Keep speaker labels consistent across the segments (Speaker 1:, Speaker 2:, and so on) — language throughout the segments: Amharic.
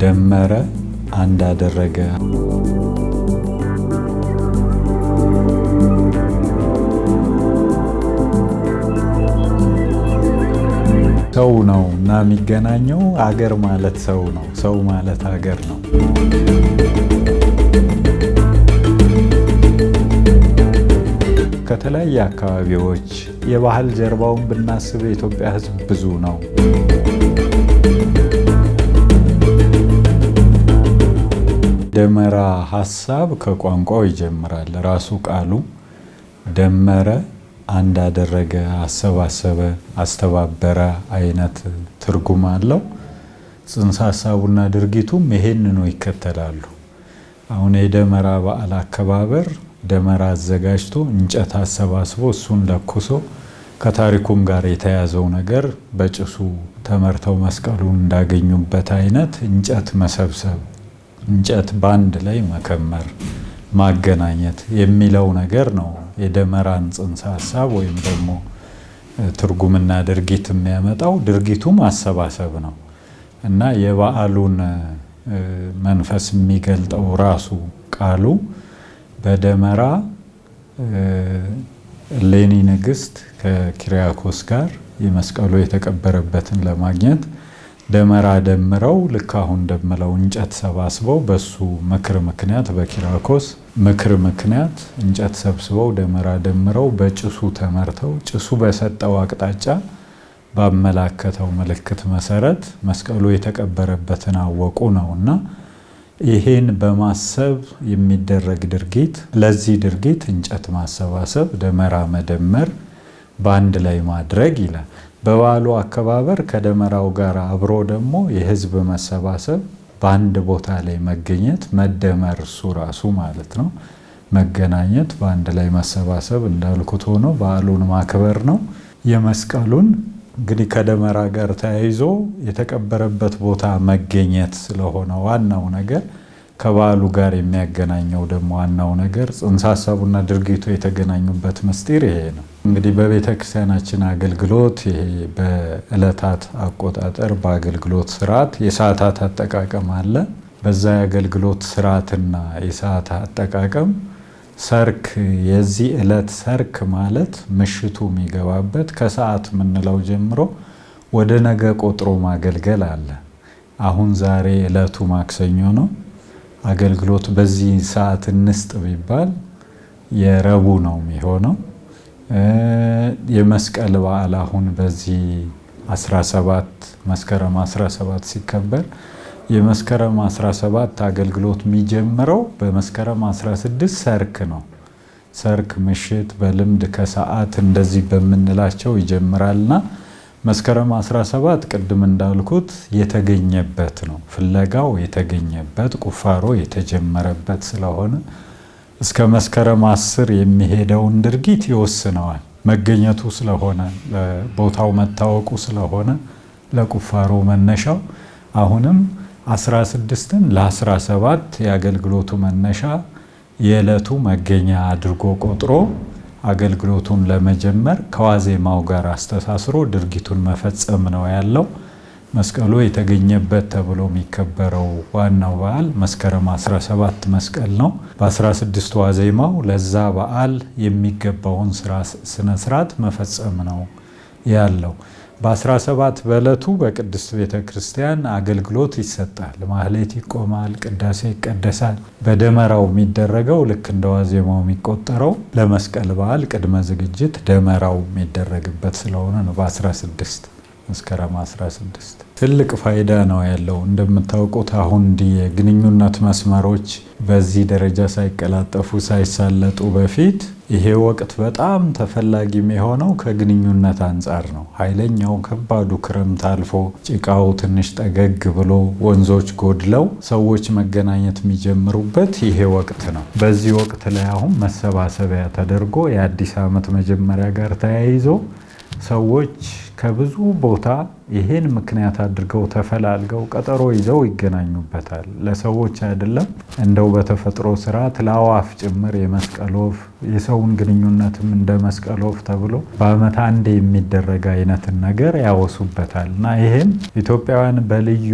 Speaker 1: ደመረ፣ አንድ አደረገ። ሰው ነው እና የሚገናኘው አገር ማለት ሰው ነው፣ ሰው ማለት አገር ነው። ከተለያየ አካባቢዎች የባህል ጀርባውን ብናስብ የኢትዮጵያ ሕዝብ ብዙ ነው። የደመራ ሀሳብ ከቋንቋው ይጀምራል። ራሱ ቃሉ ደመረ፣ አንድ አደረገ፣ አሰባሰበ፣ አስተባበረ አይነት ትርጉም አለው። ጽንሰ ሀሳቡና ድርጊቱም ይሄንኑ ይከተላሉ። አሁን የደመራ በዓል አከባበር ደመራ አዘጋጅቶ እንጨት አሰባስቦ እሱን ለኩሶ ከታሪኩም ጋር የተያዘው ነገር በጭሱ ተመርተው መስቀሉን እንዳገኙበት አይነት እንጨት መሰብሰብ እንጨት በአንድ ላይ መከመር ማገናኘት የሚለው ነገር ነው የደመራን ጽንሰ ሀሳብ ወይም ደግሞ ትርጉምና ድርጊት የሚያመጣው ድርጊቱ ማሰባሰብ ነው እና የበዓሉን መንፈስ የሚገልጠው ራሱ ቃሉ በደመራ ሌኒ ንግስት ከኪሪያኮስ ጋር የመስቀሉ የተቀበረበትን ለማግኘት ደመራ ደምረው ልክ አሁን እንደምለው እንጨት ሰባስበው በሱ ምክር ምክንያት በኪራኮስ ምክር ምክንያት እንጨት ሰብስበው ደመራ ደምረው በጭሱ ተመርተው ጭሱ በሰጠው አቅጣጫ ባመላከተው ምልክት መሰረት መስቀሉ የተቀበረበትን አወቁ ነው እና ይሄን በማሰብ የሚደረግ ድርጊት ለዚህ ድርጊት እንጨት ማሰባሰብ፣ ደመራ መደመር፣ በአንድ ላይ ማድረግ ይላል። በበዓሉ አከባበር ከደመራው ጋር አብሮ ደግሞ የህዝብ መሰባሰብ በአንድ ቦታ ላይ መገኘት መደመር እሱ ራሱ ማለት ነው። መገናኘት በአንድ ላይ መሰባሰብ እንዳልኩት ሆኖ በዓሉን ማክበር ነው። የመስቀሉን እንግዲህ ከደመራ ጋር ተያይዞ የተቀበረበት ቦታ መገኘት ስለሆነ ዋናው ነገር ከበዓሉ ጋር የሚያገናኘው ደግሞ ዋናው ነገር ጽንሰ ሀሳቡና ድርጊቱ የተገናኙበት ምስጢር ይሄ ነው። እንግዲህ በቤተ ክርስቲያናችን አገልግሎት ይሄ በእለታት አቆጣጠር በአገልግሎት ስርዓት የሰዓታት አጠቃቀም አለ። በዛ የአገልግሎት ስርዓትና የሰዓት አጠቃቀም ሰርክ የዚህ እለት ሰርክ ማለት ምሽቱ የሚገባበት ከሰዓት የምንለው ጀምሮ ወደ ነገ ቆጥሮ ማገልገል አለ። አሁን ዛሬ እለቱ ማክሰኞ ነው። አገልግሎት በዚህ ሰዓት እንስጥ ቢባል የረቡ ነው የሚሆነው የመስቀል በዓል አሁን በዚህ 17 መስከረም 17 ሲከበር የመስከረም 17 አገልግሎት የሚጀምረው በመስከረም 16 ሰርክ ነው። ሰርክ ምሽት በልምድ ከሰዓት እንደዚህ በምንላቸው ይጀምራልና መስከረም 17 ቅድም እንዳልኩት የተገኘበት ነው። ፍለጋው የተገኘበት ቁፋሮ የተጀመረበት ስለሆነ እስከ መስከረም አስር የሚሄደውን ድርጊት ይወስነዋል። መገኘቱ ስለሆነ ቦታው መታወቁ ስለሆነ ለቁፋሮ መነሻው አሁንም 16ን ለ17 የአገልግሎቱ መነሻ የዕለቱ መገኛ አድርጎ ቆጥሮ አገልግሎቱን ለመጀመር ከዋዜማው ጋር አስተሳስሮ ድርጊቱን መፈጸም ነው ያለው። መስቀሉ የተገኘበት ተብሎ የሚከበረው ዋናው በዓል መስከረም 17 መስቀል ነው። በ16 ዋዜማው ለዛ በዓል የሚገባውን ስነ ስርዓት መፈጸም ነው ያለው። በ17 በዕለቱ በቅድስት ቤተ ክርስቲያን አገልግሎት ይሰጣል። ማህሌት ይቆማል፣ ቅዳሴ ይቀደሳል። በደመራው የሚደረገው ልክ እንደ ዋዜማው የሚቆጠረው ለመስቀል በዓል ቅድመ ዝግጅት ደመራው የሚደረግበት ስለሆነ ነው በ16 መስከረም 16 ትልቅ ፋይዳ ነው ያለው። እንደምታውቁት አሁን የግንኙነት መስመሮች በዚህ ደረጃ ሳይቀላጠፉ ሳይሳለጡ በፊት ይሄ ወቅት በጣም ተፈላጊ የሚሆነው ከግንኙነት አንጻር ነው። ኃይለኛው ከባዱ ክረምት አልፎ ጭቃው ትንሽ ጠገግ ብሎ ወንዞች ጎድለው ሰዎች መገናኘት የሚጀምሩበት ይሄ ወቅት ነው። በዚህ ወቅት ላይ አሁን መሰባሰቢያ ተደርጎ የአዲስ ዓመት መጀመሪያ ጋር ተያይዞ ሰዎች ከብዙ ቦታ ይህን ምክንያት አድርገው ተፈላልገው ቀጠሮ ይዘው ይገናኙበታል። ለሰዎች አይደለም እንደው በተፈጥሮ ስርዓት ለአዋፍ ጭምር የመስቀል ወፍ የሰውን ግንኙነትም እንደ መስቀል ወፍ ተብሎ በዓመት አንድ የሚደረግ አይነትን ነገር ያወሱበታል እና ይህም ኢትዮጵያውያን በልዩ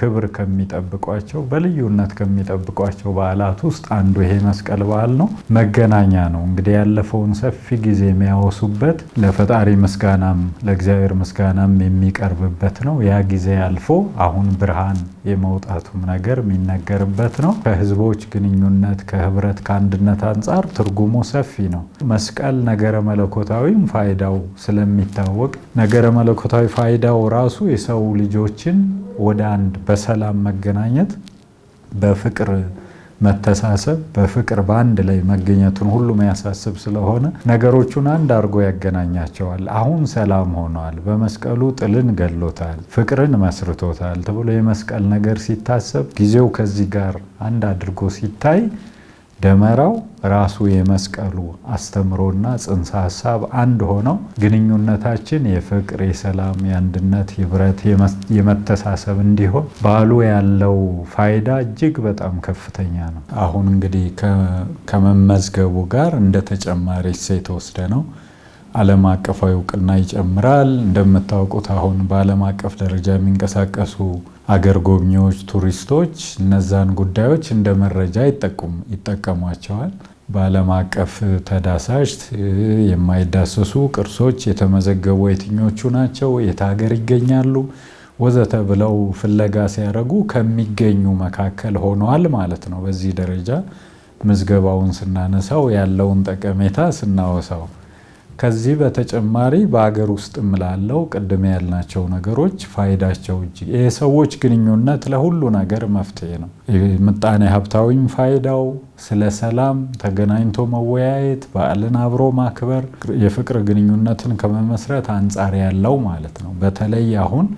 Speaker 1: ክብር ከሚጠብቋቸው በልዩነት ከሚጠብቋቸው በዓላት ውስጥ አንዱ ይሄ መስቀል በዓል ነው። መገናኛ ነው እንግዲህ ያለፈውን ሰፊ ጊዜ የሚያወሱበት ለፈጣሪ ምስጋናም ለእግዚአብሔር ምስጋናም የሚቀር የሚቀርብበት ነው። ያ ጊዜ አልፎ አሁን ብርሃን የመውጣቱም ነገር የሚነገርበት ነው። ከህዝቦች ግንኙነት፣ ከህብረት፣ ከአንድነት አንጻር ትርጉሙ ሰፊ ነው። መስቀል ነገረ መለኮታዊም ፋይዳው ስለሚታወቅ ነገረ መለኮታዊ ፋይዳው ራሱ የሰው ልጆችን ወደ አንድ በሰላም መገናኘት በፍቅር መተሳሰብ፣ በፍቅር በአንድ ላይ መገኘቱን ሁሉ የሚያሳስብ ስለሆነ ነገሮቹን አንድ አድርጎ ያገናኛቸዋል። አሁን ሰላም ሆኗል። በመስቀሉ ጥልን ገሎታል፣ ፍቅርን መስርቶታል ተብሎ የመስቀል ነገር ሲታሰብ ጊዜው ከዚህ ጋር አንድ አድርጎ ሲታይ ደመራው ራሱ የመስቀሉ አስተምሮና ጽንሰ ሀሳብ አንድ ሆነው ግንኙነታችን የፍቅር፣ የሰላም፣ የአንድነት፣ ህብረት፣ የመተሳሰብ እንዲሆን በዓሉ ያለው ፋይዳ እጅግ በጣም ከፍተኛ ነው። አሁን እንግዲህ ከመመዝገቡ ጋር እንደ ተጨማሪ እሴት ወስደ ነው ዓለም አቀፋዊ እውቅና ይጨምራል። እንደምታውቁት አሁን በዓለም አቀፍ ደረጃ የሚንቀሳቀሱ አገር ጎብኚዎች፣ ቱሪስቶች እነዛን ጉዳዮች እንደ መረጃ ይጠቀሟቸዋል። በዓለም አቀፍ ተዳሳሽ የማይዳሰሱ ቅርሶች የተመዘገቡ የትኞቹ ናቸው፣ የት ሀገር ይገኛሉ ወዘተ ብለው ፍለጋ ሲያደርጉ ከሚገኙ መካከል ሆነዋል ማለት ነው። በዚህ ደረጃ ምዝገባውን ስናነሳው ያለውን ጠቀሜታ ስናወሳው ከዚህ በተጨማሪ በሀገር ውስጥ እምላለው ቅድም ያልናቸው ነገሮች ፋይዳቸው እጅግ የሰዎች ግንኙነት ለሁሉ ነገር መፍትሄ ነው። ምጣኔ ሀብታዊም ፋይዳው ስለ ሰላም ተገናኝቶ መወያየት፣ በዓልን አብሮ ማክበር፣ የፍቅር ግንኙነትን ከመመስረት አንጻር ያለው ማለት ነው። በተለይ አሁን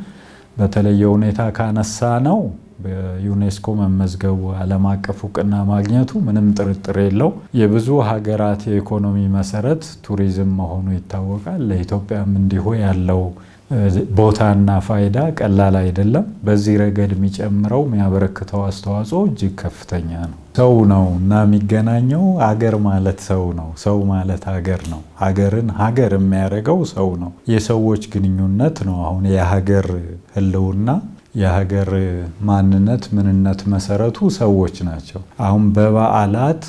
Speaker 1: በተለየ ሁኔታ ካነሳ ነው በዩኔስኮ መመዝገቡ ዓለም አቀፍ እውቅና ማግኘቱ ምንም ጥርጥር የለው የብዙ ሀገራት የኢኮኖሚ መሰረት ቱሪዝም መሆኑ ይታወቃል። ለኢትዮጵያም እንዲሁ ያለው ቦታና ፋይዳ ቀላል አይደለም። በዚህ ረገድ የሚጨምረው የሚያበረክተው አስተዋጽኦ እጅግ ከፍተኛ ነው። ሰው ነው እና የሚገናኘው አገር ማለት ሰው ነው። ሰው ማለት ሀገር ነው። ሀገርን ሀገር የሚያደርገው ሰው ነው። የሰዎች ግንኙነት ነው አሁን የሀገር ህልውና የሀገር ማንነት ምንነት መሰረቱ ሰዎች ናቸው። አሁን በበዓላት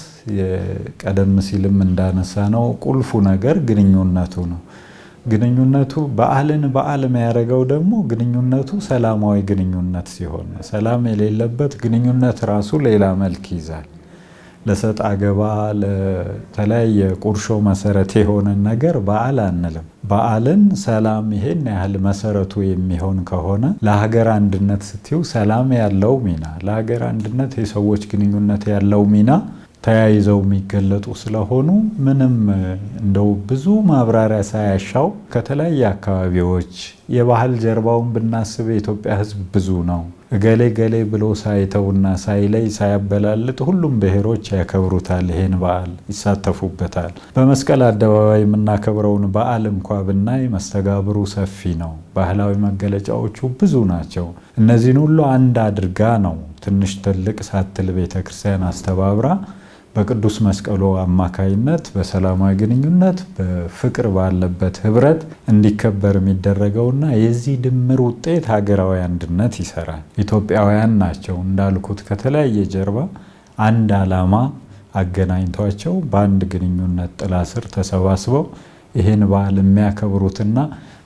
Speaker 1: ቀደም ሲልም እንዳነሳ ነው ቁልፉ ነገር ግንኙነቱ ነው። ግንኙነቱ በዓልን በዓል የሚያደርገው ደግሞ ግንኙነቱ ሰላማዊ ግንኙነት ሲሆን፣ ሰላም የሌለበት ግንኙነት ራሱ ሌላ መልክ ይይዛል። ለሰጥ አገባ ለተለያየ ቁርሾ መሰረት የሆነን ነገር በዓል አንልም። በዓልን ሰላም ይሄን ያህል መሰረቱ የሚሆን ከሆነ ለሀገር አንድነት ስትዩ ሰላም ያለው ሚና፣ ለሀገር አንድነት የሰዎች ግንኙነት ያለው ሚና ተያይዘው የሚገለጡ ስለሆኑ ምንም እንደው ብዙ ማብራሪያ ሳያሻው ከተለያየ አካባቢዎች የባህል ጀርባውን ብናስብ የኢትዮጵያ ሕዝብ ብዙ ነው። ገሌ ገሌ ብሎ ሳይተውና ሳይለይ ሳያበላልጥ ሁሉም ብሔሮች ያከብሩታል፣ ይሄን በዓል ይሳተፉበታል። በመስቀል አደባባይ የምናከብረውን በዓል እንኳ ብናይ መስተጋብሩ ሰፊ ነው። ባህላዊ መገለጫዎቹ ብዙ ናቸው። እነዚህን ሁሉ አንድ አድርጋ ነው ትንሽ ትልቅ ሳትል ቤተክርስቲያን አስተባብራ በቅዱስ መስቀሉ አማካይነት በሰላማዊ ግንኙነት በፍቅር ባለበት ህብረት እንዲከበር የሚደረገውና የዚህ ድምር ውጤት ሀገራዊ አንድነት ይሰራል። ኢትዮጵያውያን ናቸው እንዳልኩት ከተለያየ ጀርባ አንድ ዓላማ አገናኝቷቸው በአንድ ግንኙነት ጥላ ስር ተሰባስበው ይህን በዓል የሚያከብሩትና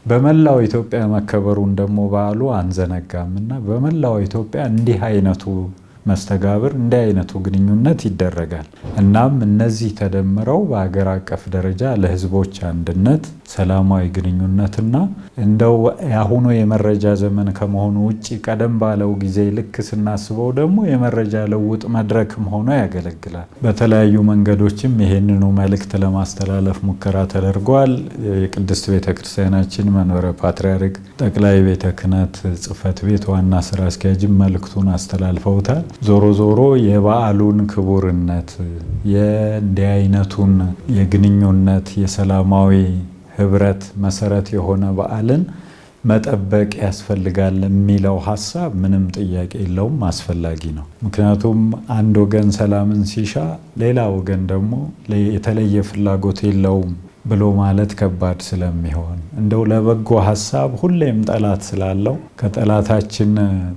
Speaker 1: በመላው ኢትዮጵያ መከበሩን ደግሞ በዓሉ አንዘነጋምና በመላው ኢትዮጵያ እንዲህ አይነቱ መስተጋብር እንዲህ አይነቱ ግንኙነት ይደረጋል። እናም እነዚህ ተደምረው በሀገር አቀፍ ደረጃ ለህዝቦች አንድነት፣ ሰላማዊ ግንኙነትና እንደው የአሁኑ የመረጃ ዘመን ከመሆኑ ውጭ ቀደም ባለው ጊዜ ልክ ስናስበው ደግሞ የመረጃ ለውጥ መድረክም ሆኖ ያገለግላል። በተለያዩ መንገዶችም ይህንኑ መልእክት ለማስተላለፍ ሙከራ ተደርጓል። የቅድስት ቤተ ክርስቲያናችን መንበረ ፓትርያርክ ጠቅላይ ቤተ ክህነት ቤት ዋና ስራ አስኪያጅም መልእክቱን አስተላልፈውታል። ዞሮ ዞሮ የበዓሉን ክቡርነት የእንዲህ አይነቱን የግንኙነት የሰላማዊ ህብረት መሰረት የሆነ በዓልን መጠበቅ ያስፈልጋል የሚለው ሀሳብ ምንም ጥያቄ የለውም፣ አስፈላጊ ነው። ምክንያቱም አንድ ወገን ሰላምን ሲሻ፣ ሌላ ወገን ደግሞ የተለየ ፍላጎት የለውም ብሎ ማለት ከባድ ስለሚሆን እንደው ለበጎ ሀሳብ ሁሌም ጠላት ስላለው ከጠላታችን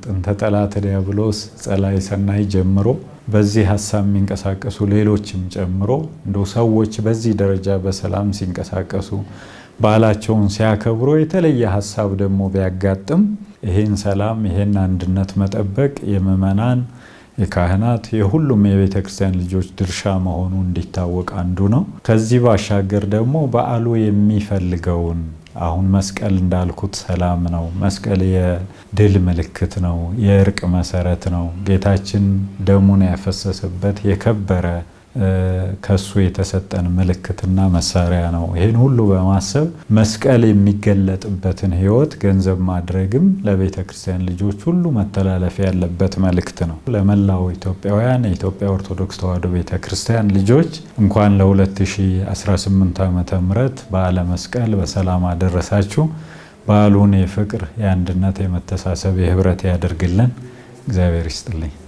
Speaker 1: ጥንተ ጠላት ዲያብሎስ ጸላይ ሰናይ ጀምሮ በዚህ ሀሳብ የሚንቀሳቀሱ ሌሎችም ጨምሮ እንደው ሰዎች በዚህ ደረጃ በሰላም ሲንቀሳቀሱ በዓላቸውን ሲያከብሩ የተለየ ሀሳብ ደግሞ ቢያጋጥም ይሄን ሰላም ይሄን አንድነት መጠበቅ የምዕመናን የካህናት የሁሉም የቤተ ክርስቲያን ልጆች ድርሻ መሆኑ እንዲታወቅ አንዱ ነው። ከዚህ ባሻገር ደግሞ በዓሉ የሚፈልገውን አሁን መስቀል እንዳልኩት ሰላም ነው። መስቀል የድል ምልክት ነው፣ የእርቅ መሰረት ነው። ጌታችን ደሙን ያፈሰሰበት የከበረ ከሱ የተሰጠን ምልክትና መሳሪያ ነው። ይህን ሁሉ በማሰብ መስቀል የሚገለጥበትን ሕይወት ገንዘብ ማድረግም ለቤተ ክርስቲያን ልጆች ሁሉ መተላለፍ ያለበት መልእክት ነው። ለመላው ኢትዮጵያውያን የኢትዮጵያ ኦርቶዶክስ ተዋሕዶ ቤተ ክርስቲያን ልጆች እንኳን ለ2018 ዓመተ ምሕረት በዓለ መስቀል በሰላም አደረሳችሁ። በዓሉን የፍቅር፣ የአንድነት፣ የመተሳሰብ፣ የህብረት ያደርግልን። እግዚአብሔር ይስጥልኝ።